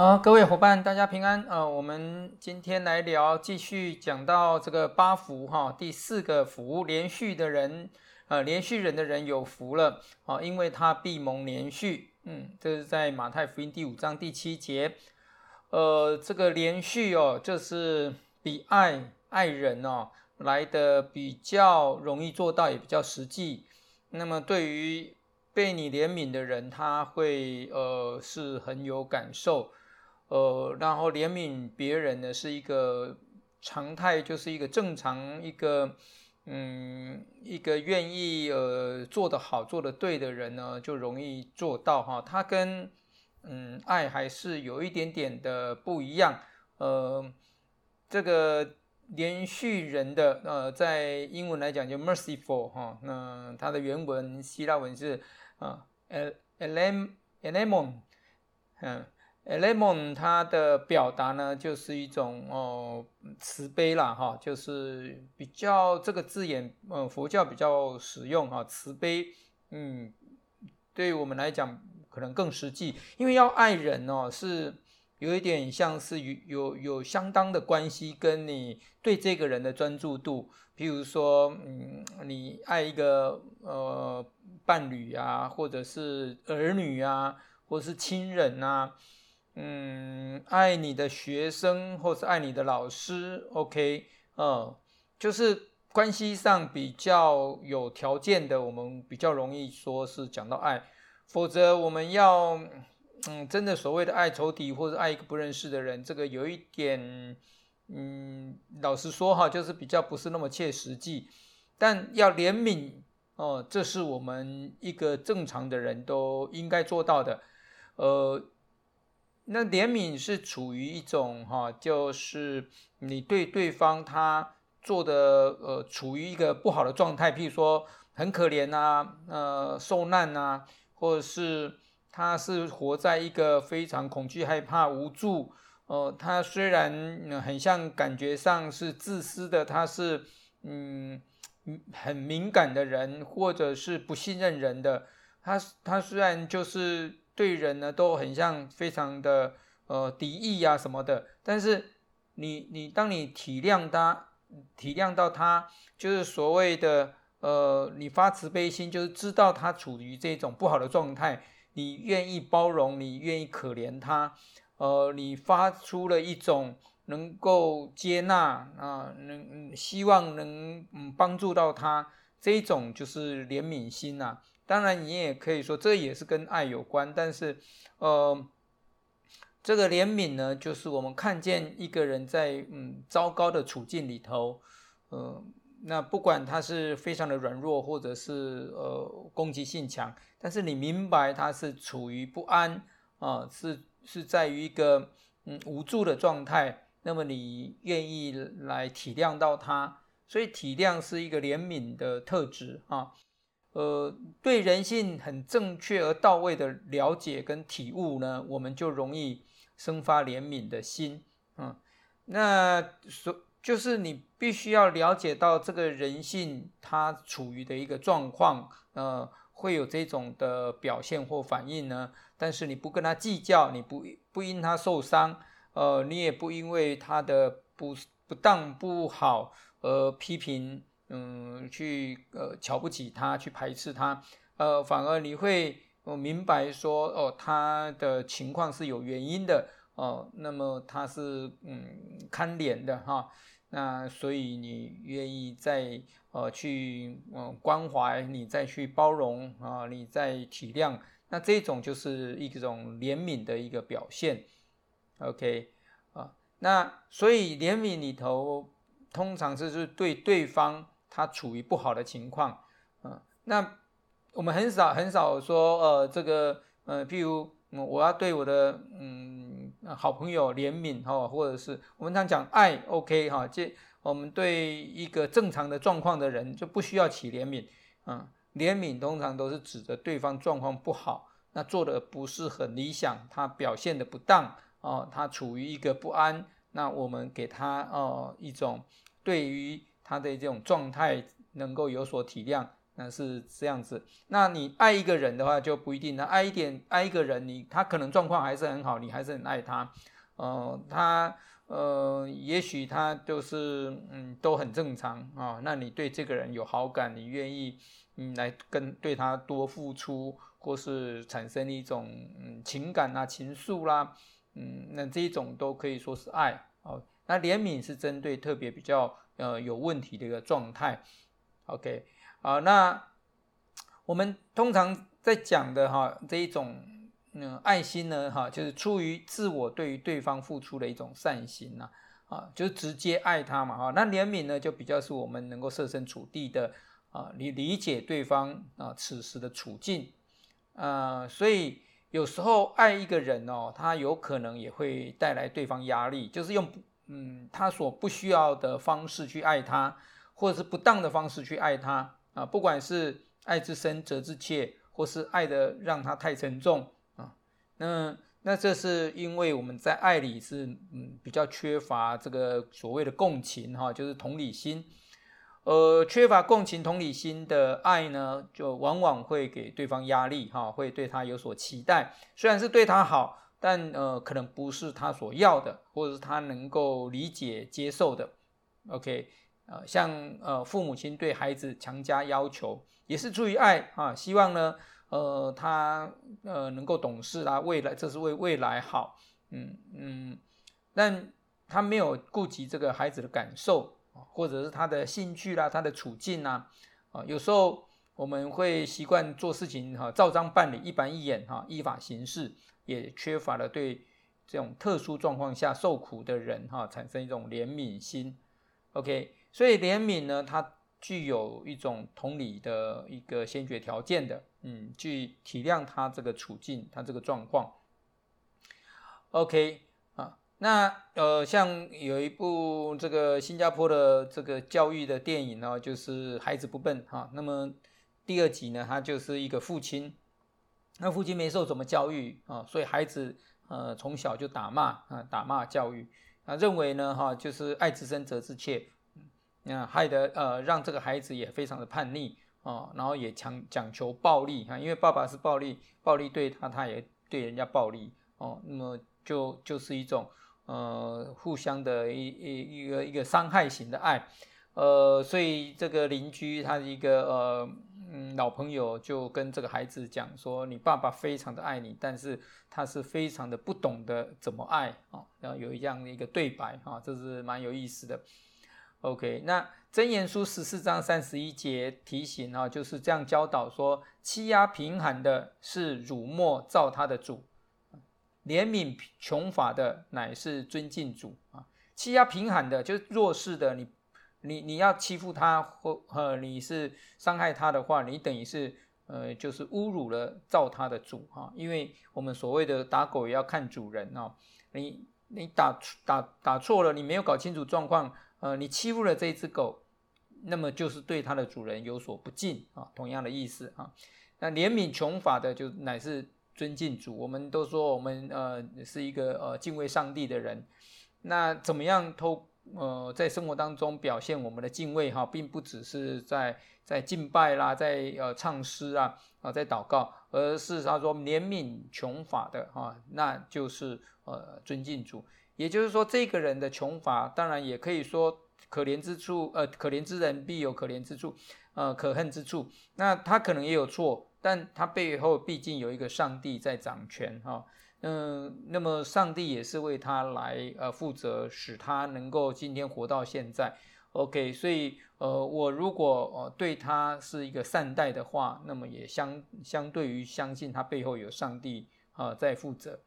好，各位夥伴，大家平安啊、呃！我們今天來聊，繼續講到這個八福哈、哦，第四個福，憐恤的人，呃，憐恤人的人有福了啊、哦，因為他必蒙憐恤。嗯，這是在馬太福音第五章第七節。呃，這個憐恤哦，就是比愛愛人哦來得比較容易做到，也比較實際。那麼對於被你憐憫的人，他會呃是很有感受。呃，然後憐憫別人呢，是一個常態，就是一個正常一個嗯，一個願意呃做得好、做得對的人呢，就容易做到哈。它跟嗯愛還是有一點點的不一樣。呃，這個憐恤人的呃，在英文來講就 merciful 哈、呃，那它的原文希臘文是啊，eleemon，eleemon 嗯。Elemon 它的表達呢，就是一種哦、呃、慈悲啦，哈、哦，就是比較這個字眼，嗯、呃，佛教比較實用哈、哦，慈悲，嗯，對我們來講可能更實際，因為要愛人哦，是有一點像是有有相當的關係跟你對這個人的專注度，譬如說，嗯，你愛一個呃伴侶啊，或者是兒女啊，或者是親人啊。嗯，愛你的學生，或是愛你的老師，OK，嗯，就是關係上比較有條件的，我們比較容易說是講到愛，否則我們要，嗯，真的所謂的愛仇敵，或者愛一個不認識的人，這個有一點，嗯，老實說哈，就是比較不是那麼切實際，但要憐憫哦，嗯，這是我們一個正常的人都應該做到的，呃。那憐憫是處於一種哈，就是你對對方他做的呃，處於一個不好的狀態，譬如說很可憐吶、啊，呃，受難吶、啊，或者是他是活在一個非常恐懼、害怕、無助哦、呃。他雖然很像感覺上是自私的，他是嗯很敏感的人，或者是不信任人的。他他雖然就是。對人呢都很像非常的呃敵意啊什麼的，但是你你當你體諒他，體諒到他就是所謂的呃你發慈悲心，就是知道他處於這種不好的狀態，你願意包容，你願意可憐他，呃，你發出了一種能夠接納啊、呃，能希望能嗯幫助到他這種就是憐憫心吶、啊。當然，你也可以說，這也是跟愛有關，但是，呃，這個憐憫呢，就是我們看見一個人在嗯糟糕的處境裡頭，呃，那不管他是非常的軟弱，或者是呃攻擊性強，但是你明白他是處於不安啊，是是在於一個嗯無助的狀態，那麼你願意來體諒到他，所以體諒是一個憐憫的特質啊。呃，對人性很正確而到位的了解跟體悟呢，我們就容易生發憐憫的心。嗯，那所就是你必須要了解到這個人性他處於的一個狀況，呃，會有這種的表現或反應呢。但是你不跟他計較，你不不因他受傷，呃，你也不因為他的不不當不好而批評。嗯，去呃瞧不起他，去排斥他，呃，反而你會、呃、明白說哦、呃，他的情況是有原因的哦、呃。那麼他是嗯看臉的哈，那所以你願意再呃去嗯、呃、關懷，你再去包容啊、呃，你再體諒，那這種就是一種憐憫的一個表現。OK 啊、呃，那所以憐憫裡頭，通常是就是對對方。他處於不好的情況，嗯，那我們很少很少說，呃，這個，呃，譬如，嗯，我要對我的嗯好朋友憐憫哦，或者是我們常講愛，OK 哈，哦，這我們對一個正常的狀況的人就不需要起憐憫，嗯，憐憫通常都是指着對方狀況不好，那做的不是很理想，他表現的不當哦，他處於一個不安，那我們給他哦一種對於。他的這種狀態能夠有所體諒，那是這樣子。那你愛一個人的話，就不一定了。那愛一點愛一個人你，你他可能狀況還是很好，你還是很愛他。呃，他呃，也許他就是嗯都很正常啊、哦。那你對這個人有好感，你願意嗯來跟對他多付出，或是產生一種嗯情感啊、情愫啦、啊，嗯，那這種都可以說是愛哦。那憐憫是針對特別比較呃有問題的一個狀態，OK 啊、呃？那我們通常在講的哈這一種嗯、呃、愛心呢哈，就是出於自我對於對方付出的一種善心吶啊、啊，就是直接愛他嘛哈、啊。那憐憫呢就比較是我們能夠設身處地的啊理理解對方啊此時的處境啊、呃，所以有時候愛一個人哦，他有可能也會帶來對方壓力，就是用。嗯，他所不需要的方式去愛他，或者是不當的方式去愛他啊，不管是愛之深責之切，或是愛的讓他太沉重啊，那那這是因為我們在愛裡是嗯比較缺乏這個所謂的共情哈、啊，就是同理心，呃，缺乏共情同理心的愛呢，就往往會給對方壓力哈、啊，會對他有所期待，雖然是對他好。但呃，可能不是他所要的，或者是他能夠理解接受的。OK，呃，像呃父母親對孩子強加要求，也是出於愛啊，希望呢，呃他呃能夠懂事啦、啊，未來這是為未來好，嗯嗯，但他沒有顧及這個孩子的感受，或者是他的興趣啦、啊，他的處境吶、啊，啊、呃、有時候。我們會習慣做事情哈，照章辦理，一板一眼哈，依法行事，也缺乏了對這種特殊狀況下受苦的人哈產生一種憐憫心。OK，所以憐憫呢，它具有一種同理的一個先決條件的，嗯，去體諒他這個處境，他這個狀況。OK 啊，那呃，像有一部這個新加坡的這個教育的電影呢，就是《孩子不笨》哈，那麼。第二集呢，他就是一個父親，那父親沒受什麼教育啊，所以孩子呃從小就打罵啊，打罵教育啊，認為呢哈、啊、就是愛之深責之切，那、嗯、害得呃讓這個孩子也非常的叛逆啊，然後也講講求暴力哈、啊，因為爸爸是暴力，暴力對他，他也對人家暴力哦、啊，那麼就就是一種呃互相的一一一個一,一,一,一個傷害型的愛。呃，所以這個鄰居他的一個呃，嗯，老朋友就跟這個孩子講說：“你爸爸非常的愛你，但是他是非常的不懂得怎麼愛啊。”哦，然後有一樣的一個對白啊，哦，這是蠻有意思的。OK，那《箴言書》十四章三十一節提醒啊，哦，就是這樣教導說：“欺壓貧寒的是辱沒造他的主，憐憫窮乏的乃是尊敬主啊。”欺壓貧寒的就是弱勢的你。你你要欺負他或呃你是傷害他的話，你等於是呃就是侮辱了造他的主哈、啊，因為我們所謂的打狗也要看主人哦、啊，你你打打打錯了，你沒有搞清楚狀況，呃，你欺負了這只狗，那麼就是對它的主人有所不敬啊，同樣的意思啊。那憐憫窮乏的就乃是尊敬主，我們都說我們呃是一個呃敬畏上帝的人，那怎麼樣偷？呃，在生活當中表現我們的敬畏哈，並不只是在在敬拜啦，在呃唱詩啊啊，呃、在禱告，而是他說憐憫窮乏的哈、啊，那就是呃尊敬主。也就是說，這個人的窮乏，當然也可以說可憐之處，呃，可憐之人必有可憐之處，呃，可恨之處。那他可能也有錯，但他背後畢竟有一個上帝在掌權哈。啊嗯，那麼上帝也是為他來呃負責，使他能夠今天活到現在。OK，所以呃，我如果呃對他是一個善待的話，那麼也相相對於相信他背後有上帝啊、呃、在負責。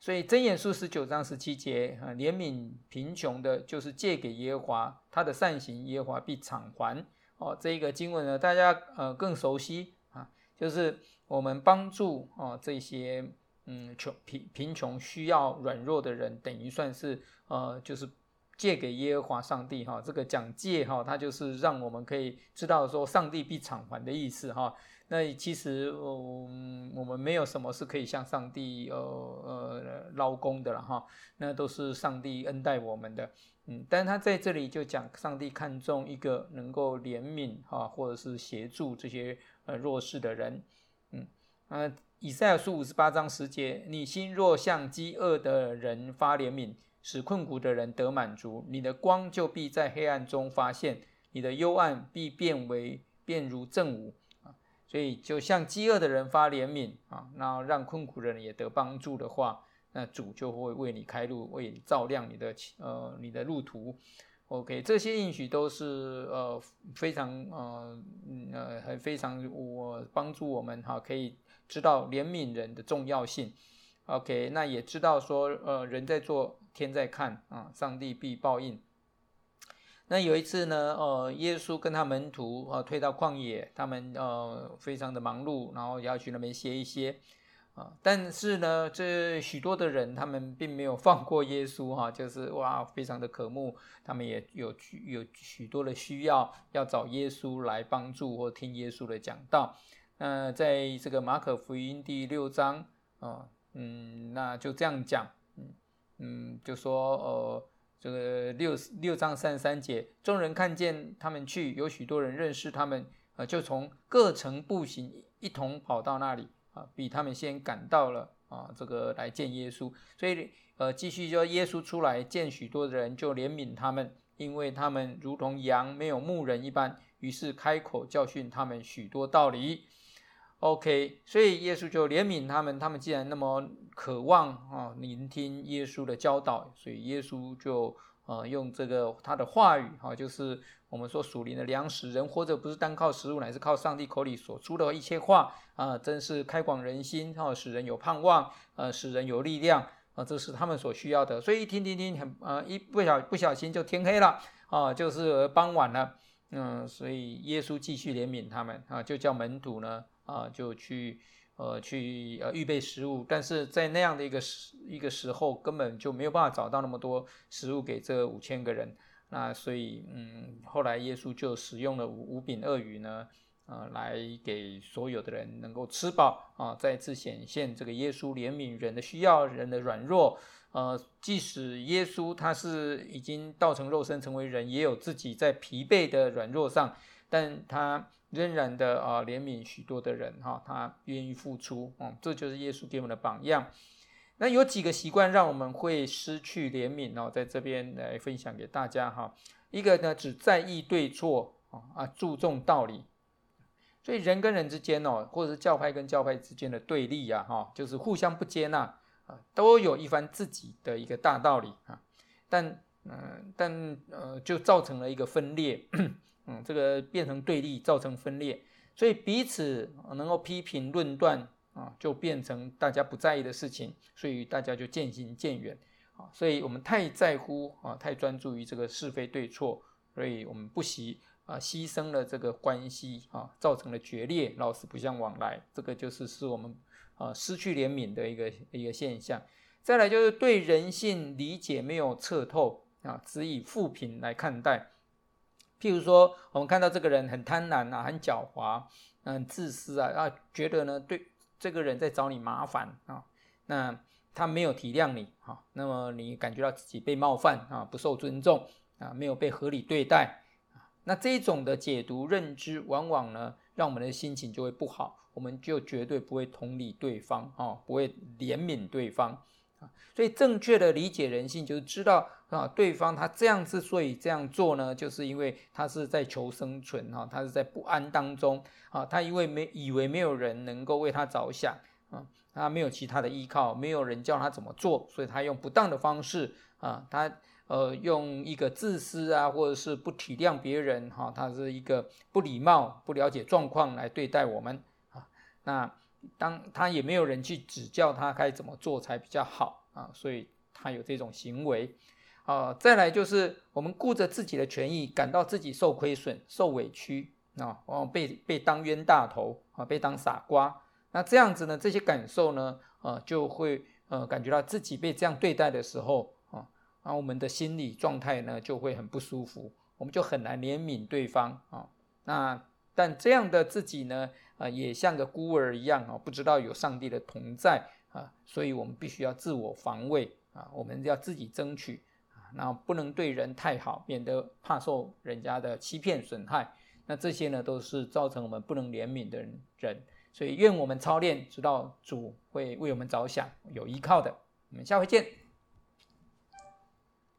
所以《箴言書》十九章十七節啊，憐憫貧窮的，就是借給耶和華他的善行，耶和華必償還。哦，這一個經文呢，大家呃更熟悉啊，就是我們幫助哦這些。嗯，窮貧貧窮需要軟弱的人，等於算是呃，就是借給耶和華上帝哈、哦。這個講借哈、哦，它就是讓我們可以知道說，上帝必償還的意思哈、哦。那其實，我、嗯、我們沒有什麼是可以向上帝呃呃邀功的了哈、哦。那都是上帝恩待我們的。嗯，但他在這裡就講，上帝看重一個能夠憐憫哈，或者是協助這些呃弱勢的人，嗯。嗯，以賽亞書五十八章十節：你心若向飢餓的人發憐憫，使困苦的人得滿足，你的光就必在黑暗中發現，你的幽暗必變為，變如正午。啊，所以就向飢餓的人發憐憫，啊，那讓困苦的人也得幫助的話，那主就會為你開路，為你照亮你的呃你的路途。O.K. 這些應許都是呃非常呃、嗯、呃很非常我、呃、幫助我們哈、啊，可以知道憐憫人的重要性。O.K. 那也知道說呃人在做天在看啊，上帝必報應。那有一次呢，呃，耶穌跟他門徒啊，退到曠野，他們呃非常的忙碌，然後也要去那邊歇一歇。啊，但是呢，這許多的人，他們並沒有放過耶穌哈、啊，就是哇，非常的渴慕，他們也有有許多的需要，要找耶穌來幫助或聽耶穌的講道。那在這個馬可福音第六章啊，嗯，那就這樣講，嗯就說呃，這個六六章三十三節，眾人看見他們去，有許多人認識他們，呃，就從各城步行一同跑到那裡。啊，比他們先趕到了啊，這個來見耶穌，所以呃，繼續說，耶穌出來見許多的人，就憐憫他們，因為他們如同羊沒有牧人一般，於是開口教訓他們許多道理。OK，所以耶穌就憐憫他們，他們既然那麼渴望啊，聆聽耶穌的教導，所以耶穌就。啊，用這個他的話語，哈、啊，就是我們說屬靈的糧食。人活着不是單靠食物，乃是靠上帝口裡所出的一切話啊！真是開廣人心，啊、使人有盼望，啊、使人有力量啊，這是他們所需要的。所以一聽聽聽，很啊，一不小不小心就天黑了啊，就是傍晚了。嗯、啊，所以耶穌繼續憐憫他們啊，就叫門徒呢啊，就去。呃，去呃預備食物，但是在那樣的一個時一個時候，根本就沒有辦法找到那麼多食物給這五千個人。那所以，嗯，後來耶穌就使用了五五餅二魚呢，呃，來給所有的人能夠吃飽啊、呃，再次顯現這個耶穌憐憫人的需要，人的軟弱。呃，即使耶穌他是已經道成肉身成為人，也有自己在疲憊的軟弱上。但他仍然的啊、呃，憐憫許多的人哈、哦，他願意付出嗯，這就是耶穌給我們的榜樣。那有幾個習慣讓我們會失去憐憫哦，在這邊來分享給大家哈、哦。一個呢，只在意對錯啊、哦、啊，注重道理，所以人跟人之間哦，或者是教派跟教派之間的對立啊哈、哦，就是互相不接納啊、呃，都有一番自己的一個大道理啊，但嗯、呃，但呃，就造成了一個分裂。 嗯，這個變成對立，造成分裂，所以彼此能夠批評論斷啊，就變成大家不在意的事情，所以大家就漸行漸遠啊。所以我們太在乎啊，太專注於這個是非對錯，所以我們不惜啊犧牲了這個關係啊，造成了決裂，老死不相往來。這個就是是我們啊失去憐憫的一個一個現象。再來就是對人性理解沒有徹透啊，只以負評來看待。譬如說，我們看到這個人很貪婪啊，很狡猾，很，自私啊，啊，覺得呢，對這個人在找你麻煩啊，那他沒有體諒你哈、啊，那麼你感覺到自己被冒犯啊，不受尊重啊，沒有被合理對待啊，那這種的解讀認知，往往呢，讓我們的心情就會不好，我們就絕對不會同理對方啊，不會憐憫對方。所以，正確的理解人性，就是知道啊，對方他這樣之所以這樣做呢，就是因為他是在求生存哈，他是在不安當中啊，他因為沒以為沒有人能夠為他着想啊，他沒有其他的依靠，沒有人教他怎麼做，所以他用不當的方式啊，他呃用一個自私啊，或者是不體諒別人哈，他是一個不禮貌、不了解狀況來對待我們啊，那。當他也沒有人去指教他該怎麼做才比較好啊，所以他有這種行為啊、呃。再來就是我們顧着自己的權益，感到自己受虧損、受委屈啊，往、呃、往、呃、被被當冤大頭啊、呃，被當傻瓜。那這樣子呢，這些感受呢，啊、呃，就會呃感覺到自己被這樣對待的時候、呃、啊，那我們的心理狀態呢就會很不舒服，我們就很難憐憫對方啊、呃。那但這樣的自己呢，啊、呃，也像個孤兒一樣啊、哦，不知道有上帝的同在啊，所以我們必須要自我防衛啊，我們要自己爭取啊，那不能對人太好，免得怕受人家的欺騙損害。那這些呢，都是造成我們不能憐憫的人。所以願我們操練，知道主會為我們着想，有依靠的。我們下回見。